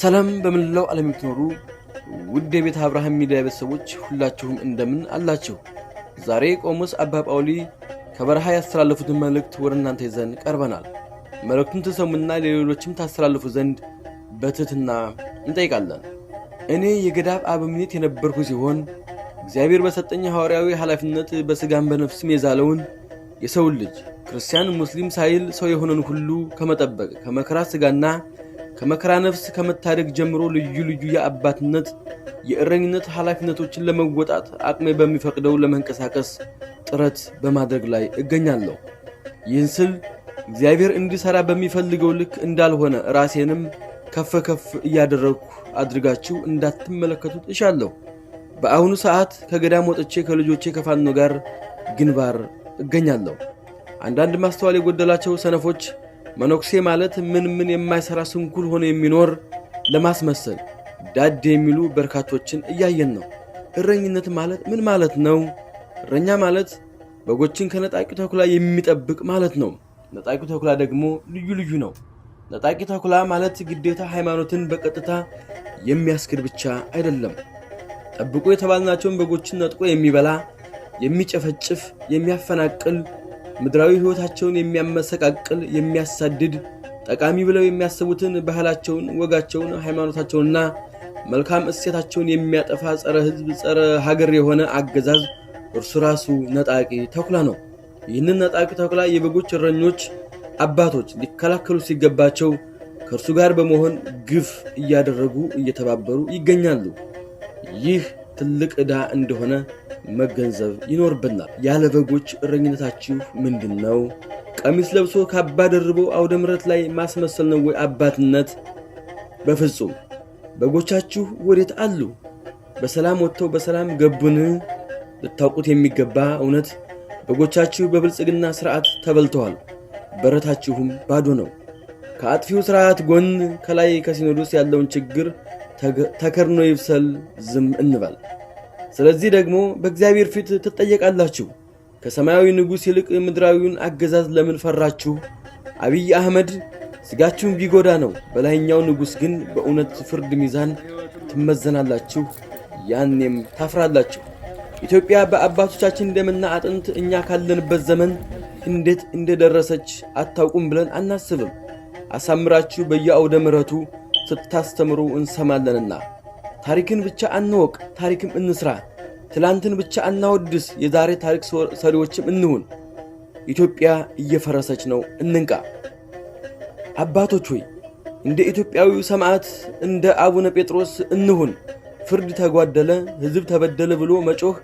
ሰላም በምንለው ዓለም የምትኖሩ ውድ የቤተ አብርሃም ሚዲያ ቤተሰቦች ሁላችሁም እንደምን አላችሁ? ዛሬ ቆሞስ አባ ጳውሊ ከበረሃ ያስተላለፉትን መልእክት ወደ እናንተ ይዘን ቀርበናል። መልእክቱን ትሰሙና ለሌሎችም ታስተላልፉ ዘንድ በትህትና እንጠይቃለን። እኔ የገዳም አበምኔት የነበርኩ ሲሆን እግዚአብሔር በሰጠኝ ሐዋርያዊ ኃላፊነት በሥጋም በነፍስም የዛለውን የሰውን ልጅ ክርስቲያን፣ ሙስሊም ሳይል ሰው የሆነን ሁሉ ከመጠበቅ ከመከራ ሥጋና ከመከራ ነፍስ ከመታደግ ጀምሮ ልዩ ልዩ የአባትነት የእረኝነት ኃላፊነቶችን ለመወጣት አቅሜ በሚፈቅደው ለመንቀሳቀስ ጥረት በማድረግ ላይ እገኛለሁ። ይህን ስል እግዚአብሔር እንዲሠራ በሚፈልገው ልክ እንዳልሆነ ራሴንም ከፍ ከፍ እያደረግኩ አድርጋችሁ እንዳትመለከቱት እሻለሁ። በአሁኑ ሰዓት ከገዳም ወጥቼ ከልጆቼ ከፋኖ ጋር ግንባር እገኛለሁ። አንዳንድ ማስተዋል የጎደላቸው ሰነፎች መነኩሴ ማለት ምን ምን የማይሰራ ስንኩል ሆነ የሚኖር ለማስመሰል ዳድ የሚሉ በርካቶችን እያየን ነው። እረኝነት ማለት ምን ማለት ነው? እረኛ ማለት በጎችን ከነጣቂ ተኩላ የሚጠብቅ ማለት ነው። ነጣቂ ተኩላ ደግሞ ልዩ ልዩ ነው። ነጣቂ ተኩላ ማለት ግዴታ ሃይማኖትን በቀጥታ የሚያስክድ ብቻ አይደለም። ጠብቆ የተባልናቸውን በጎችን ነጥቆ የሚበላ፣ የሚጨፈጭፍ፣ የሚያፈናቅል ምድራዊ ሕይወታቸውን የሚያመሰቃቅል የሚያሳድድ ጠቃሚ ብለው የሚያስቡትን ባህላቸውን፣ ወጋቸውን፣ ሃይማኖታቸውንና መልካም እሴታቸውን የሚያጠፋ ጸረ ሕዝብ፣ ጸረ ሀገር የሆነ አገዛዝ እርሱ ራሱ ነጣቂ ተኩላ ነው። ይህንን ነጣቂ ተኩላ የበጎች እረኞች አባቶች ሊከላከሉ ሲገባቸው ከእርሱ ጋር በመሆን ግፍ እያደረጉ እየተባበሩ ይገኛሉ። ይህ ትልቅ ዕዳ እንደሆነ መገንዘብ ይኖርብናል። ያለ በጎች እረኝነታችሁ ምንድን ነው? ቀሚስ ለብሶ ካባ ደርቦ አውደ ምረት ላይ ማስመሰል ነው ወይ አባትነት? በፍጹም። በጎቻችሁ ወዴት አሉ? በሰላም ወጥተው በሰላም ገቡን? ልታውቁት የሚገባ እውነት በጎቻችሁ በብልጽግና ሥርዓት ተበልተዋል፣ በረታችሁም ባዶ ነው። ከአጥፊው ሥርዓት ጎን ከላይ ከሲኖዶስ ያለውን ችግር ተከርኖ ይብሰል፣ ዝም እንባል!። ስለዚህ ደግሞ በእግዚአብሔር ፊት ትጠየቃላችሁ። ከሰማያዊ ንጉሥ ይልቅ ምድራዊውን አገዛዝ ለምን ፈራችሁ? አብይ አህመድ ሥጋችሁን ቢጎዳ ነው። በላይኛው ንጉሥ ግን በእውነት ፍርድ ሚዛን ትመዘናላችሁ፣ ያኔም ታፍራላችሁ። ኢትዮጵያ በአባቶቻችን ደምና አጥንት እኛ ካለንበት ዘመን እንዴት እንደደረሰች አታውቁም ብለን አናስብም። አሳምራችሁ በየአውደ ምረቱ ስታስተምሩ እንሰማለንና ታሪክን ብቻ አንወቅ፣ ታሪክም እንስራ። ትላንትን ብቻ አናወድስ፣ የዛሬ ታሪክ ሰሪዎችም እንሁን። ኢትዮጵያ እየፈረሰች ነው፣ እንንቃ። አባቶች ሆይ እንደ ኢትዮጵያዊ ሰማዕት እንደ አቡነ ጴጥሮስ እንሁን። ፍርድ ተጓደለ፣ ሕዝብ ተበደለ ብሎ መጮህ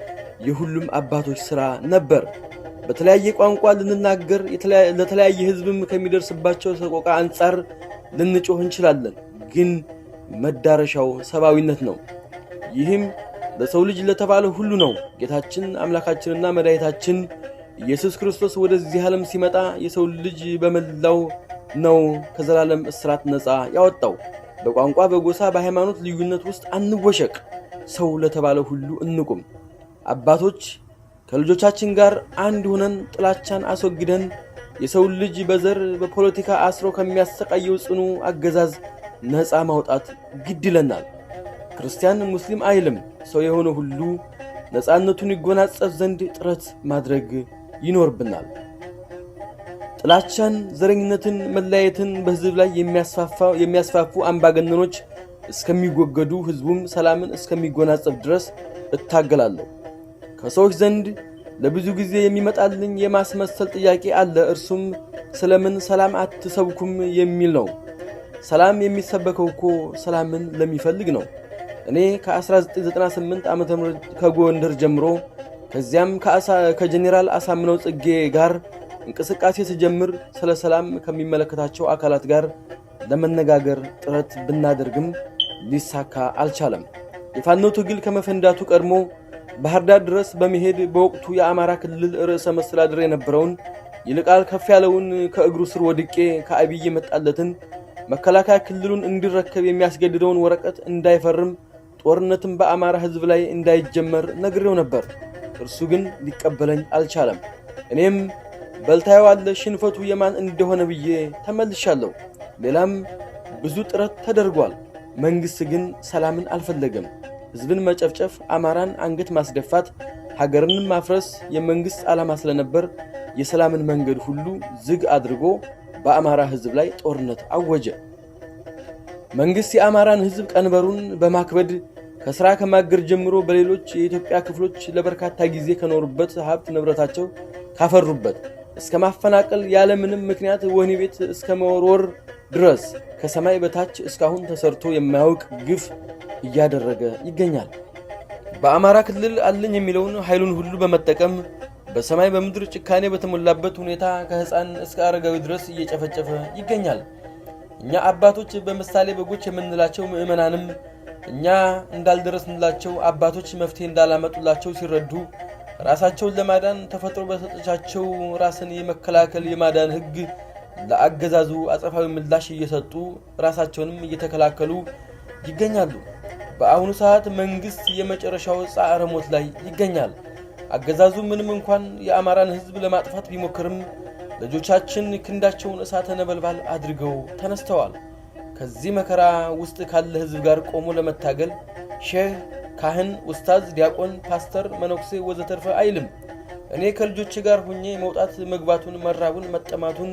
የሁሉም አባቶች ሥራ ነበር። በተለያየ ቋንቋ ልንናገር፣ ለተለያየ ሕዝብም ከሚደርስባቸው ሰቆቃ አንጻር ልንጮህ እንችላለን ግን መዳረሻው ሰብአዊነት ነው። ይህም ለሰው ልጅ ለተባለ ሁሉ ነው። ጌታችን አምላካችንና መድኃኒታችን ኢየሱስ ክርስቶስ ወደዚህ ዓለም ሲመጣ የሰው ልጅ በመላው ነው ከዘላለም እስራት ነፃ ያወጣው። በቋንቋ፣ በጎሳ፣ በሃይማኖት ልዩነት ውስጥ አንወሸቅ። ሰው ለተባለ ሁሉ እንቁም። አባቶች ከልጆቻችን ጋር አንድ ሆነን ጥላቻን አስወግደን የሰው ልጅ በዘር በፖለቲካ አስሮ ከሚያሰቃየው ጽኑ አገዛዝ ነፃ ማውጣት ግድ ይለናል። ክርስቲያን ሙስሊም አይልም። ሰው የሆነ ሁሉ ነፃነቱን ይጎናጸፍ ዘንድ ጥረት ማድረግ ይኖርብናል። ጥላቻን፣ ዘረኝነትን፣ መለያየትን በህዝብ ላይ የሚያስፋፉ አምባገነኖች እስከሚወገዱ ህዝቡም ሰላምን እስከሚጎናጸፍ ድረስ እታገላለሁ። ከሰዎች ዘንድ ለብዙ ጊዜ የሚመጣልኝ የማስመሰል ጥያቄ አለ። እርሱም ስለምን ሰላም አትሰብኩም የሚል ነው። ሰላም የሚሰበከው እኮ ሰላምን ለሚፈልግ ነው። እኔ ከ1998 ዓ ም ከጎንደር ጀምሮ ከዚያም ከጄኔራል አሳምነው ጽጌ ጋር እንቅስቃሴ ስጀምር ስለ ሰላም ከሚመለከታቸው አካላት ጋር ለመነጋገር ጥረት ብናደርግም ሊሳካ አልቻለም። የፋኖ ትግል ከመፈንዳቱ ቀድሞ ባህር ዳር ድረስ በመሄድ በወቅቱ የአማራ ክልል ርዕሰ መስተዳድር የነበረውን ይልቃል ከፍ ያለውን ከእግሩ ስር ወድቄ ከአብይ የመጣለትን መከላከያ ክልሉን እንዲረከብ የሚያስገድደውን ወረቀት እንዳይፈርም፣ ጦርነትም በአማራ ሕዝብ ላይ እንዳይጀመር ነግሬው ነበር። እርሱ ግን ሊቀበለኝ አልቻለም። እኔም በልታየዋለ ሽንፈቱ የማን እንደሆነ ብዬ ተመልሻለሁ። ሌላም ብዙ ጥረት ተደርጓል። መንግሥት ግን ሰላምን አልፈለገም። ሕዝብን መጨፍጨፍ፣ አማራን አንገት ማስደፋት፣ ሀገርን ማፍረስ የመንግሥት ዓላማ ስለነበር የሰላምን መንገድ ሁሉ ዝግ አድርጎ በአማራ ህዝብ ላይ ጦርነት አወጀ። መንግሥት የአማራን ህዝብ ቀንበሩን በማክበድ ከሥራ ከማገር ጀምሮ በሌሎች የኢትዮጵያ ክፍሎች ለበርካታ ጊዜ ከኖሩበት ሀብት ንብረታቸው ካፈሩበት እስከ ማፈናቀል ያለምንም ምክንያት ወህኒ ቤት እስከ መወርወር ድረስ ከሰማይ በታች እስካሁን ተሰርቶ የማያውቅ ግፍ እያደረገ ይገኛል። በአማራ ክልል አለኝ የሚለውን ኃይሉን ሁሉ በመጠቀም በሰማይ በምድር ጭካኔ በተሞላበት ሁኔታ ከሕፃን እስከ አረጋዊ ድረስ እየጨፈጨፈ ይገኛል። እኛ አባቶች በምሳሌ በጎች የምንላቸው ምእመናንም እኛ እንዳልደረስንላቸው አባቶች መፍትሄ እንዳላመጡላቸው ሲረዱ ራሳቸውን ለማዳን ተፈጥሮ በሰጠቻቸው ራስን የመከላከል የማዳን ሕግ ለአገዛዙ አጸፋዊ ምላሽ እየሰጡ ራሳቸውንም እየተከላከሉ ይገኛሉ። በአሁኑ ሰዓት መንግስት የመጨረሻው ጻዕረ ሞት ላይ ይገኛል። አገዛዙ ምንም እንኳን የአማራን ሕዝብ ለማጥፋት ቢሞክርም ልጆቻችን ክንዳቸውን እሳተ ነበልባል አድርገው ተነስተዋል። ከዚህ መከራ ውስጥ ካለ ሕዝብ ጋር ቆሞ ለመታገል ሼህ፣ ካህን፣ ኡስታዝ፣ ዲያቆን፣ ፓስተር፣ መነኩሴ ወዘተርፈ አይልም። እኔ ከልጆቼ ጋር ሁኜ መውጣት መግባቱን፣ መራቡን፣ መጠማቱን፣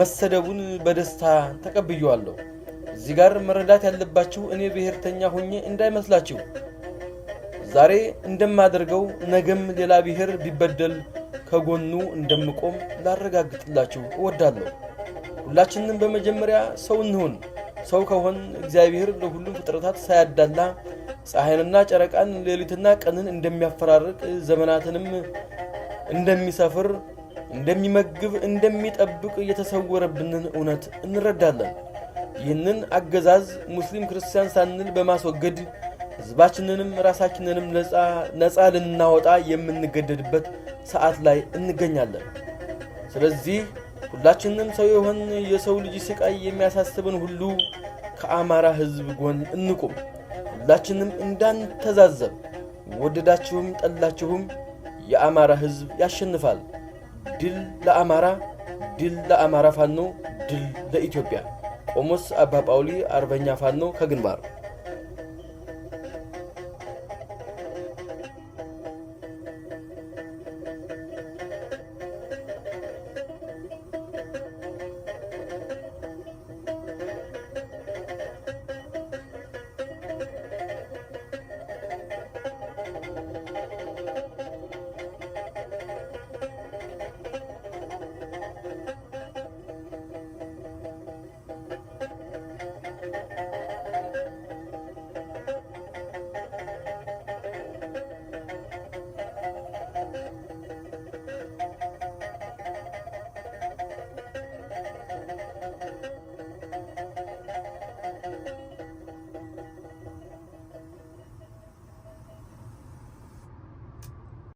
መሰደቡን በደስታ ተቀብየዋለሁ። እዚህ ጋር መረዳት ያለባችሁ እኔ ብሔርተኛ ሁኜ እንዳይመስላችሁ ዛሬ እንደማደርገው ነገም ሌላ ብሔር ቢበደል ከጎኑ እንደምቆም ላረጋግጥላችሁ እወዳለሁ። ሁላችንም በመጀመሪያ ሰው እንሆን። ሰው ከሆን እግዚአብሔር ለሁሉም ፍጥረታት ሳያዳላ ፀሐይንና ጨረቃን ሌሊትና ቀንን እንደሚያፈራርቅ ዘመናትንም እንደሚሰፍር እንደሚመግብ፣ እንደሚጠብቅ የተሰወረብንን እውነት እንረዳለን። ይህንን አገዛዝ ሙስሊም ክርስቲያን ሳንል በማስወገድ ህዝባችንንም ራሳችንንም ነፃ ልናወጣ የምንገደድበት ሰዓት ላይ እንገኛለን። ስለዚህ ሁላችንም ሰው የሆን የሰው ልጅ ስቃይ የሚያሳስብን ሁሉ ከአማራ ህዝብ ጎን እንቁም። ሁላችንም እንዳንተዛዘብ፣ ወደዳችሁም ጠላችሁም የአማራ ህዝብ ያሸንፋል። ድል ለአማራ፣ ድል ለአማራ ፋኖ፣ ድል ለኢትዮጵያ። ቆሞስ አባ ጳውሊ አርበኛ ፋኖ ከግንባር